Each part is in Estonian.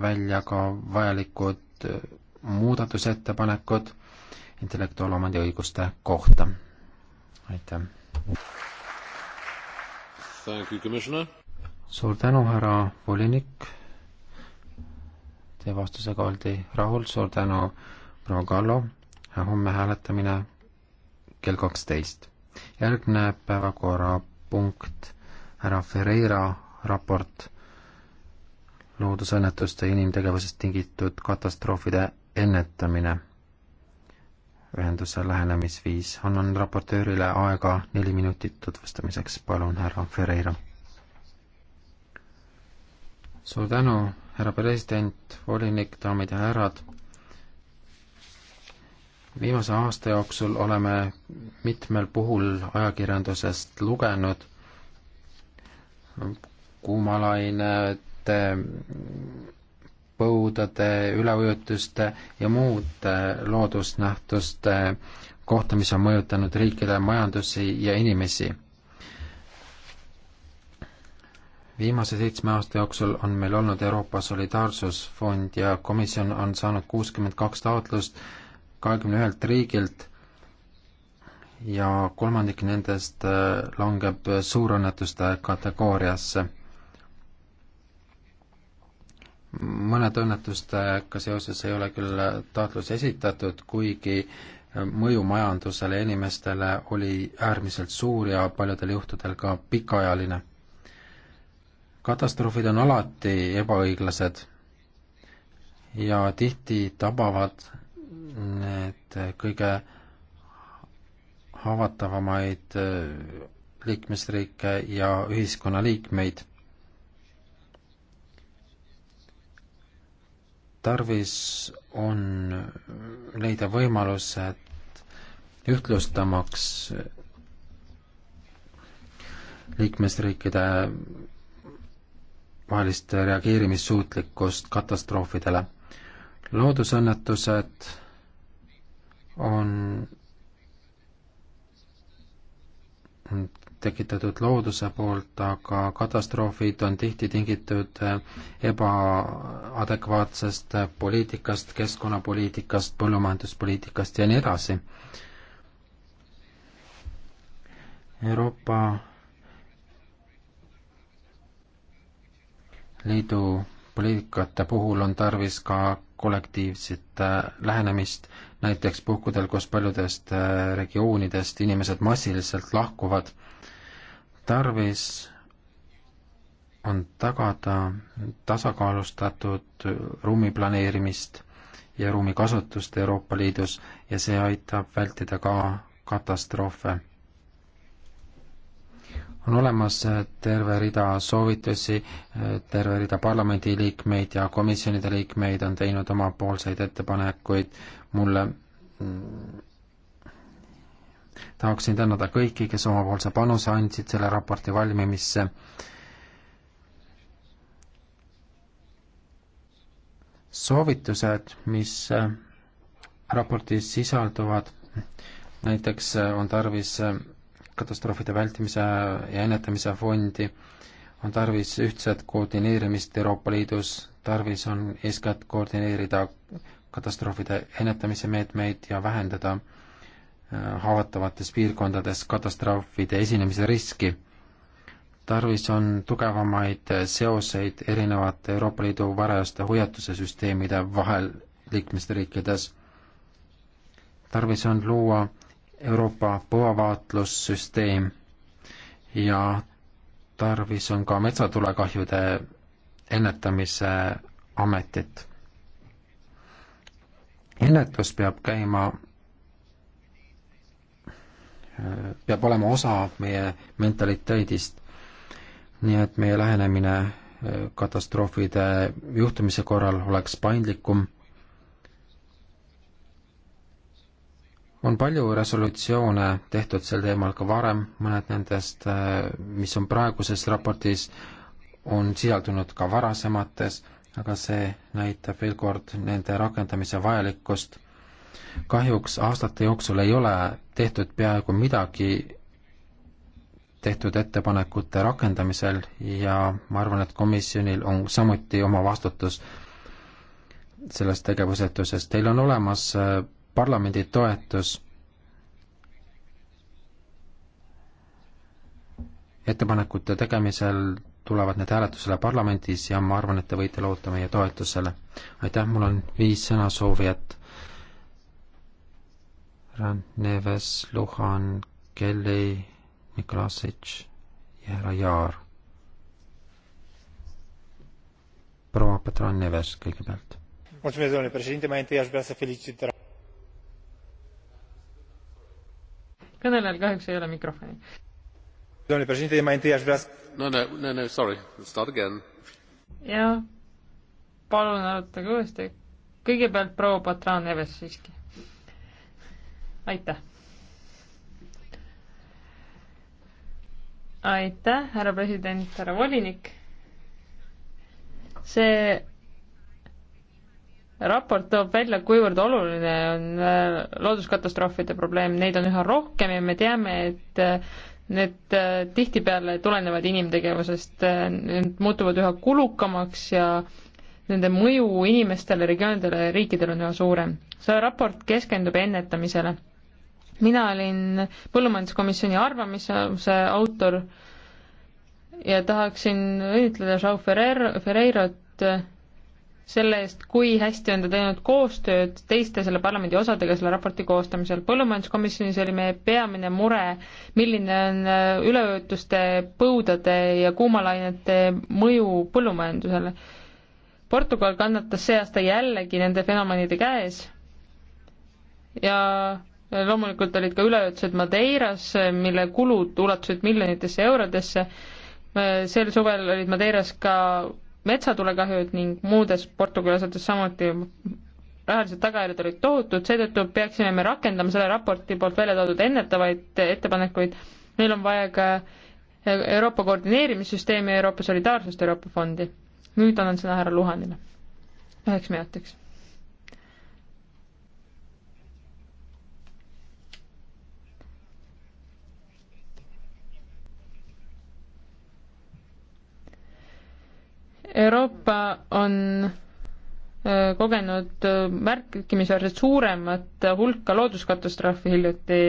välja ka vajalikud muudatusettepanekud intellektuaalomandi õiguste kohta. aitäh! suur tänu, härra volinik! Teie vastusega oldi rahul, suur tänu, proua Kallo! homme hääletamine kell kaksteist. järgneb päevakorrapunkt härra Ferreira raport loodusõnnetuste ja inimtegevusest tingitud katastroofide ennetamine. ühenduse lähenemisviis. annan raportöörile aega neli minutit tutvustamiseks, palun, härra Ferreira. suur tänu, härra president, volinik, daamid ja härrad viimase aasta jooksul oleme mitmel puhul ajakirjandusest lugenud kuumalaine tuuleparkide põudade, üleujutuste ja muude loodusnähtuste kohta, mis on mõjutanud riikide majandusi ja inimesi. viimase seitsme aasta jooksul on meil olnud Euroopa Solidaarsusfond ja komisjon on saanud kuuskümmend kaks taotlust kahekümne ühelt riigilt ja kolmandik nendest äh, langeb suurõnnetuste kategooriasse mõned õnnetustega seoses ei ole küll taotlus esitatud, kuigi mõju majandusele ja inimestele oli äärmiselt suur ja paljudel juhtudel ka pikaajaline. katastroofid on alati ebaõiglased ja tihti tabavad need kõige haavatavamaid äh, liikmesriike ja ühiskonnaliikmeid tarvis on leida võimalused ühtlustamaks liikmesriikide vahelist reageerimissuutlikkust katastroofidele. loodusõnnetused on tekitatud looduse poolt, aga katastroofid on tihti tingitud äh, ebaadekvaatsest äh, poliitikast, keskkonnapoliitikast, põllumajanduspoliitikast ja nii edasi. Euroopa Liidu poliitikate puhul on tarvis ka kollektiivset äh, lähenemist, näiteks puhkudel, kus paljudest äh, regioonidest inimesed massiliselt lahkuvad. tarvis on tagada tasakaalustatud ruumiplaneerimist ja ruumikasutust Euroopa Liidus ja see aitab vältida ka katastroofe on olemas äh, terve rida soovitusi, äh, terve rida parlamendiliikmeid ja komisjonide liikmeid on teinud omapoolseid ettepanekuid mulle. Mm, tahaksin tänada kõiki, kes omapoolse panuse andsid selle raporti valmimisse. soovitused, mis äh, raportis sisalduvad, näiteks on tarvis katastroofide vältimise ja ennetamise fondi, on tarvis ühtset koordineerimist Euroopa Liidus, tarvis on eeskätt koordineerida katastroofide ennetamise meetmeid ja vähendada äh, haavatavates piirkondades katastroofide esinemise riski. tarvis on tugevamaid seoseid erinevate Euroopa Liidu varajaste hoiatuse süsteemide vahel liikmesriikides. tarvis on luua Euroopa põuavaatlussüsteem ja tarvis on ka metsatulekahjude ennetamise ametit. ennetus peab käima, peab olema osa meie mentaliteedist. nii et meie lähenemine katastroofide juhtumise korral oleks paindlikum on palju resolutsioone tehtud sel teemal ka varem, mõned nendest, äh, mis on praeguses raportis, on sisaldunud ka varasemates, aga see näitab veel kord nende rakendamise vajalikkust. kahjuks aastate jooksul ei ole tehtud peaaegu midagi tehtud ettepanekute rakendamisel ja ma arvan, et komisjonil on samuti oma vastutus selles tegevusetuses. Teil on olemas äh, parlamendi toetus ettepanekute tegemisel tulevad need hääletusele parlamendis ja ma arvan, et te võite loota meie toetusele. aitäh, mul on viis sõnasoovijat. Ranneves, Luhan, Kelly, Mikolasic ja härra Jaar. proua Petran Neves kõigepealt. kõnelejal kahjuks ei ole mikrofoni. no no, no no sorry, start again. jah, palun arutage uuesti. kõigepealt proua Patran Eves siiski. aitäh. aitäh, härra president, härra volinik. see raport toob välja, kuivõrd oluline on äh, looduskatastroofide probleem, neid on üha rohkem ja me teame, et äh, need äh, tihtipeale tulenevad inimtegevusest, need muutuvad üha kulukamaks ja nende mõju inimestele, regioonidele ja riikidele on üha suurem. see raport keskendub ennetamisele. mina olin põllumajanduskomisjoni arvamuse autor ja tahaksin õnnitleda Jean Ferrer, Ferreirot selle eest, kui hästi on ta teinud koostööd teiste selle parlamendi osadega selle raporti koostamisel. põllumajanduskomisjonis oli meie peamine mure, milline on äh, üleujutuste, põudade ja kuumalainete mõju põllumajandusele. Portugal kannatas see aasta jällegi nende fenomenide käes ja loomulikult olid ka üleujutused Madeiras, mille kulud ulatusid miljonitesse eurodesse, äh, sel suvel olid Madeiras ka metsatulekahjud ning muudes Portugali osades samuti rahalised tagajärjed olid tohutud, seetõttu peaksime me rakendama selle raporti poolt välja toodud ennetavaid ettepanekuid. meil on vaja ka Euroopa koordineerimissüsteemi, Euroopa solidaarsust, Euroopa fondi. nüüd annan sõna härra Luhanile üheks minutiks Euroopa on äh, kogenud äh, märkimisväärselt suuremat hulka looduskatastroofi hiljuti,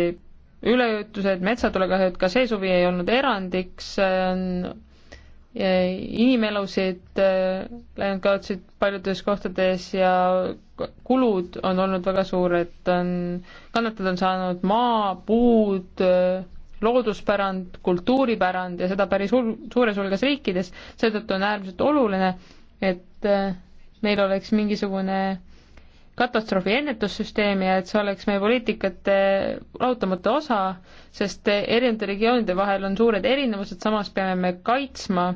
üleujutused, metsatulekahjud, ka see suvi ei olnud erandiks, on äh, inimelusid läinud kaotsid paljudes kohtades ja kulud on olnud väga suured, on, kannatada on saanud maa, puud, looduspärand, kultuuripärand ja seda päris hul-, suures hulgas riikides, seetõttu on äärmiselt oluline, et äh, meil oleks mingisugune katastroofi ennetussüsteem ja et see oleks meie poliitikate lahutamatu osa, sest äh, erinevate regioonide vahel on suured erinevused, samas peame me kaitsma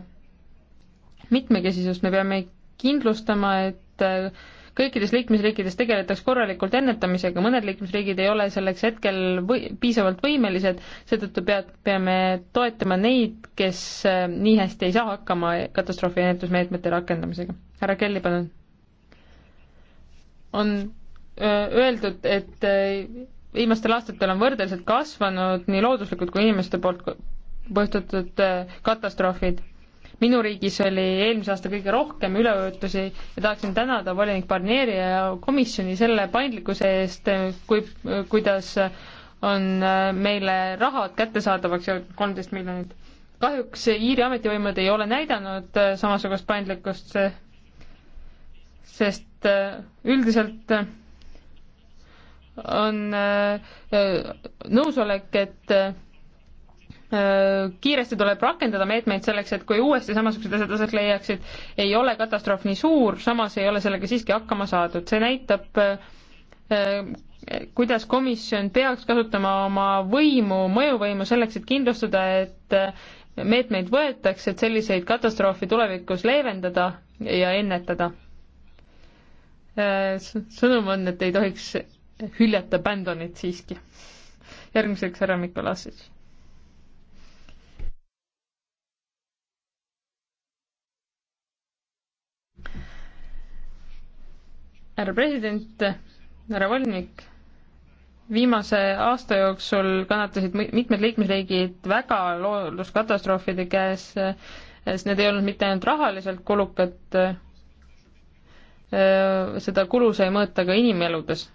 mitmekesisust, me peame kindlustama, et äh, kõikides liikmesriikides tegeletaks korralikult ennetamisega, mõned liikmesriigid ei ole selleks hetkel või-, piisavalt võimelised, seetõttu pead, peame toetama neid, kes äh, nii hästi ei saa hakkama katastroofi ennetusmeetmete rakendamisega. härra Kelly, palun. on äh, öeldud, et äh, viimastel aastatel on võrdeliselt kasvanud nii looduslikud kui inimeste poolt põhjustatud katastroofid minu riigis oli eelmise aasta kõige rohkem üleujutusi ja tahaksin tänada volinik Barnieri ja komisjoni selle paindlikkuse eest, kui, kuidas on meile rahad kättesaadavaks ja kolmteist miljonit. kahjuks Iiri ametivõimud ei ole näidanud samasugust paindlikkust, sest üldiselt on nõusolek, et Äh, kiiresti tuleb rakendada meetmeid selleks, et kui uuesti samasugused asjad aset leiaksid, ei ole katastroof nii suur, samas ei ole sellega siiski hakkama saadud, see näitab äh, äh, kuidas komisjon peaks kasutama oma võimu, mõjuvõimu selleks, et kindlustada, et meetmeid võetakse, et selliseid katastroofe tulevikus leevendada ja ennetada. sõnum on, et ei tohiks hüljata Bandonit siiski. järgmiseks härra Mikolašič härra president, härra volinik, viimase aasta jooksul kannatasid mitmed liikmesriigid väga looduskatastroofide käes, sest need ei olnud mitte ainult rahaliselt kulukad, seda kulu sai mõõta ka inimeludes.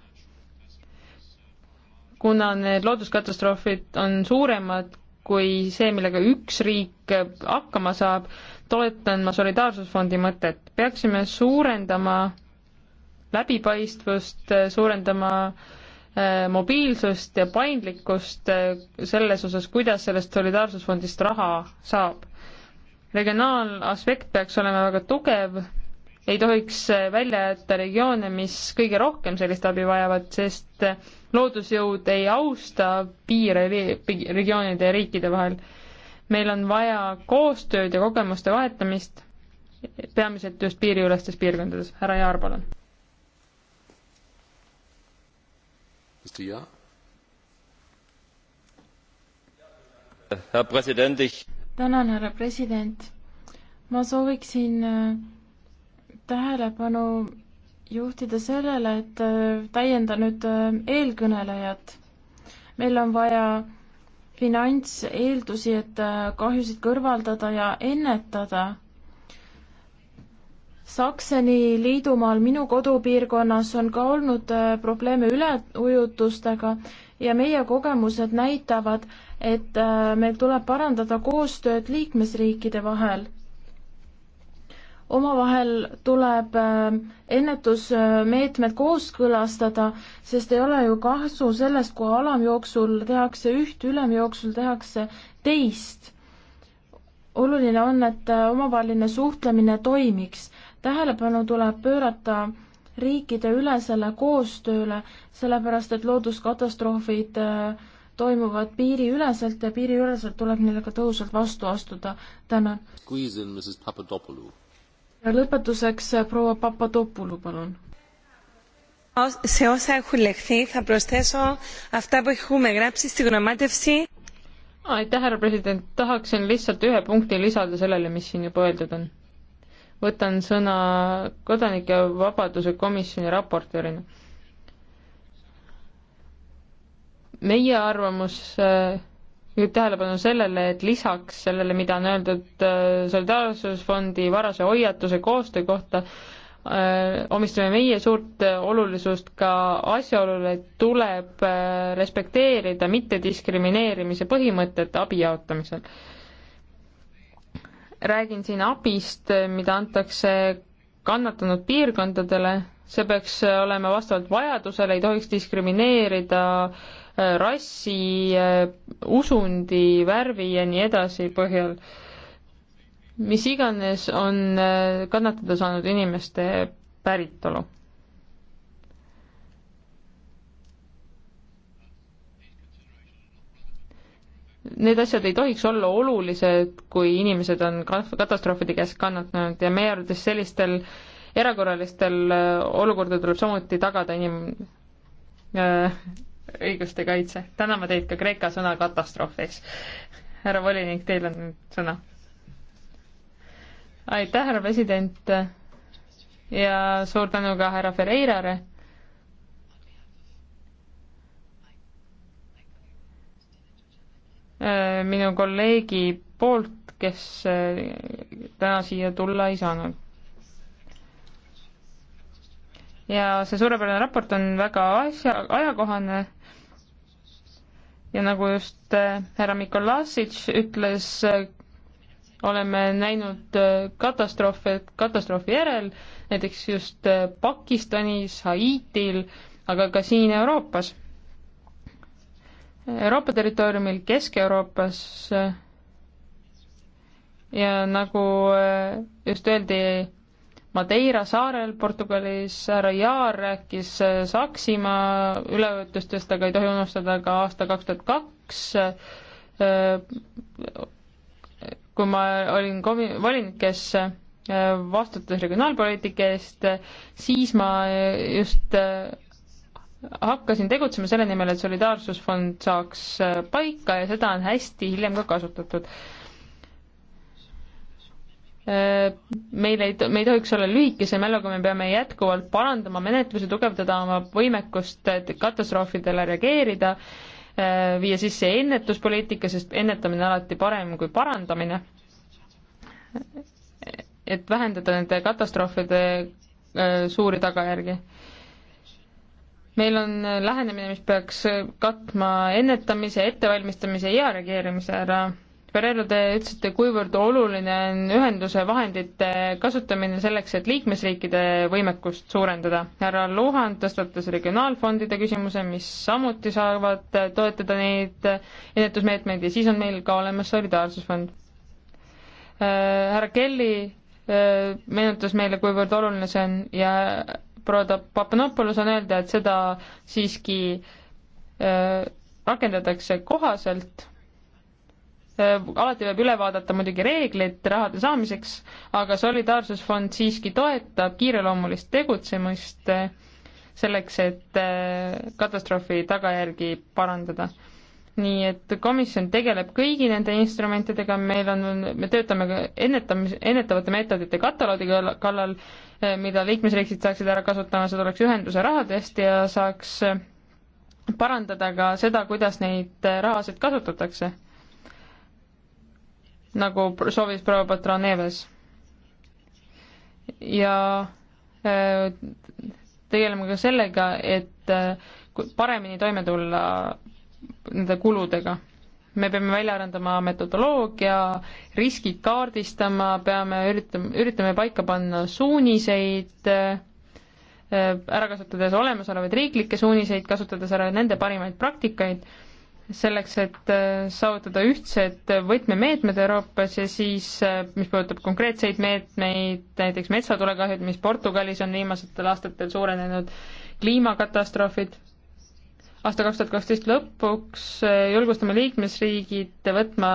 kuna need looduskatastroofid on suuremad kui see, millega üks riik hakkama saab, toetan ma Solidaarsusfondi mõtet. peaksime suurendama läbipaistvust, äh, suurendama äh, mobiilsust ja paindlikkust äh, selles osas, kuidas sellest solidaarsusfondist raha saab. regionaalaspekt peaks olema väga tugev, ei tohiks välja jätta regioone, mis kõige rohkem sellist abi vajavad, sest loodusjõud ei austa piire regioonide ja riikide vahel. meil on vaja koostööd ja kogemuste vahetamist, peamiselt just piiriülestes piirkondades. härra Jaar, palun tänan, härra president. ma sooviksin äh, tähelepanu juhtida sellele, et äh, täiendan nüüd äh, eelkõnelejat. meil on vaja finantseeldusi, et kahjusid kõrvaldada ja ennetada Sakseni liidumaal minu kodupiirkonnas on ka olnud äh, probleeme üleujutustega ja meie kogemused näitavad, et äh, meil tuleb parandada koostööd liikmesriikide vahel. omavahel tuleb äh, ennetusmeetmed kooskõlastada, sest ei ole ju kasu sellest, kui alamjooksul tehakse üht, ülemjooksul tehakse teist. oluline on, et omavaheline suhtlemine toimiks tähelepanu tuleb pöörata riikideülesele koostööle, sellepärast et looduskatastroofid äh, toimuvad piiriüleselt ja piiriüleselt tuleb neile ka tõhusalt vastu astuda. tänan. lõpetuseks äh, proua Papadopoulou, palun. Σε όσα έχουν λεχθεί θα προσθέσω αυτά που έχουμε γράψει στη γνωμάτευση. Aitäh, härra president, tahaksin lihtsalt ühe punkti lisada sellele, mis siin juba öeldud on võtan sõna kodanike vabaduse komisjoni raportöörina. meie arvamus eh, juhib tähelepanu sellele, et lisaks sellele, mida on öeldud eh, Solidaarsusfondi varase hoiatuse koostöö kohta, eh, omistame meie suurt olulisust ka asjaolule, et tuleb respekteerida mittediskrimineerimise põhimõtet abi jaotamisel räägin siin abist, mida antakse kannatanud piirkondadele, see peaks olema vastavalt vajadusele, ei tohiks diskrimineerida äh, rassi, äh, usundi, värvi ja nii edasi põhjal. mis iganes on äh, kannatada saanud inimeste päritolu need asjad ei tohiks olla olulised, kui inimesed on katastroofide käes kannatanud ja meie arvates sellistel erakorralistel äh, olukordadel tuleb samuti tagada inim- äh,, õiguste kaitse. täname teid ka kreeka sõna katastroofiks. härra volinik, teil on nüüd sõna. aitäh, härra president ja suur tänu ka härra Ferreirale Äh, minu kolleegi poolt, kes äh, täna siia tulla ei saanud. ja see suurepärane raport on väga asja, ajakohane ja nagu just äh, härra Mikolašič ütles, oleme näinud katastroofe katastroofi järel, näiteks just Pakistanis, Haitil, aga ka siin Euroopas Euroopa territooriumil, Kesk-Euroopas ja nagu eh, just öeldi, Madeira saarel Portugalis, härra Jaar rääkis eh, Saksimaa ülevõtustest, aga ei tohi unustada ka aasta kaks tuhat kaks, eh, kui ma olin komi-, volinik, kes vastutas regionaalpoliitika eest, siis ma just hakkasin tegutsema selle nimel, et solidaarsusfond saaks äh, paika ja seda on hästi hiljem ka kasutatud. Äh, meil ei, me ei tohiks olla lühikese mäluga, me peame jätkuvalt parandama menetlusi, tugevdada oma võimekust katastroofidele reageerida, äh, viia sisse ennetuspoliitika, sest ennetamine on alati parem kui parandamine. et vähendada nende katastroofide suuri tagajärgi meil on äh, lähenemine, mis peaks äh, katma ennetamise, ettevalmistamise ja reageerimise ära. Pereira, te ütlesite, kuivõrd oluline on ühenduse vahendite kasutamine selleks, et liikmesriikide võimekust suurendada. härra Luhan tõstatas regionaalfondide küsimuse, mis samuti saavad äh, toetada neid ennetusmeetmeid ja siis on meil ka olemas solidaarsusfond. härra Kelly meenutas meile, kuivõrd oluline see on ja Papanopoulos on öelda, et seda siiski äh, rakendatakse kohaselt. Äh, alati peab üle vaadata muidugi reeglid rahade saamiseks, aga Solidaarsusfond siiski toetab kiireloomulist tegutsemist äh, selleks, et katastroofi tagajärgi parandada nii et komisjon tegeleb kõigi nende instrumentidega, meil on, me töötame ennetamis, ennetavate meetodite kataloogi kallal, eh, mida liikmesriigid saaksid ära kasutama, see tuleks ühenduse rahadest ja saaks eh, parandada ka seda, kuidas neid eh, rahasid kasutatakse. nagu soovis proua Patron Neves. ja tegeleme ka sellega, et paremini toime tulla nende kuludega. me peame välja arendama metodoloogia, riskid kaardistama, peame üritama, üritame paika panna suuniseid, äh, ära kasutades olemasolevaid riiklikke suuniseid, kasutades ära nende parimaid praktikaid, selleks, et äh, saavutada ühtsed võtmemeetmed Euroopas ja siis, äh, mis puudutab konkreetseid meetmeid, näiteks metsatulekahjud, mis Portugalis on viimastel aastatel suurenenud, kliimakatastroofid aasta kaks tuhat kaksteist lõpuks julgustame liikmesriigid võtma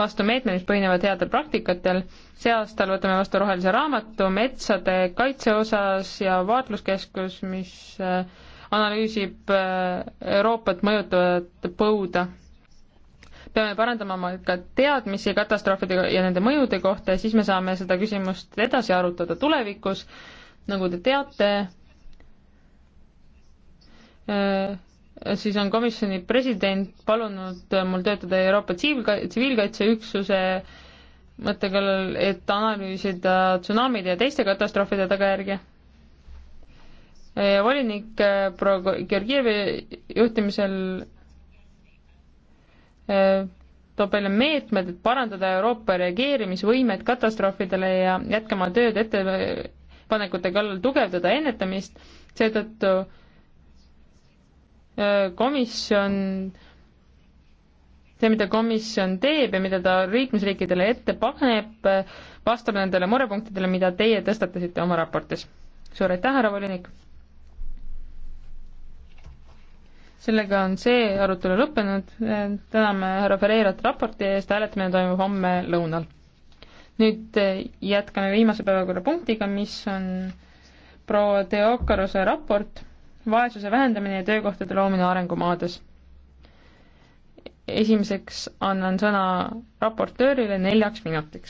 vastu meetmed, mis põhinevad headel praktikatel. see aastal võtame vastu rohelise raamatu metsade kaitse osas ja vaatluskeskus, mis äh, analüüsib äh, Euroopat mõjutavat põuda. peame parandama oma ka teadmisi katastroofide ja nende mõjude kohta ja siis me saame seda küsimust edasi arutada tulevikus. nagu te teate, äh, siis on komisjoni president palunud mul töötada Euroopa tsiviilkaitseüksuse mõtte kallal, et analüüsida tsunamide ja teiste katastroofide tagajärgi. Eh, volinik eh, proua Georgievi juhtimisel eh, toob välja meetmed, et parandada Euroopa reageerimisvõimet katastroofidele ja jätkama tööd ettepanekute kallal tugevdada ennetamist, seetõttu komisjon, see, mida komisjon teeb ja mida ta liikmesriikidele ette paneb, vastab nendele murepunktidele, mida teie tõstatasite oma raportis. suur aitäh, härra volinik! sellega on see arutelu lõppenud, täname härra Ferreirat raporti eest, hääletamine toimub homme lõunal. nüüd jätkame viimase päevakorrapunktiga, mis on proua Teokaruse raport vaesuse vähendamine ja töökohtade loomine arengumaades. esimeseks annan sõna raportöörile neljaks minutiks.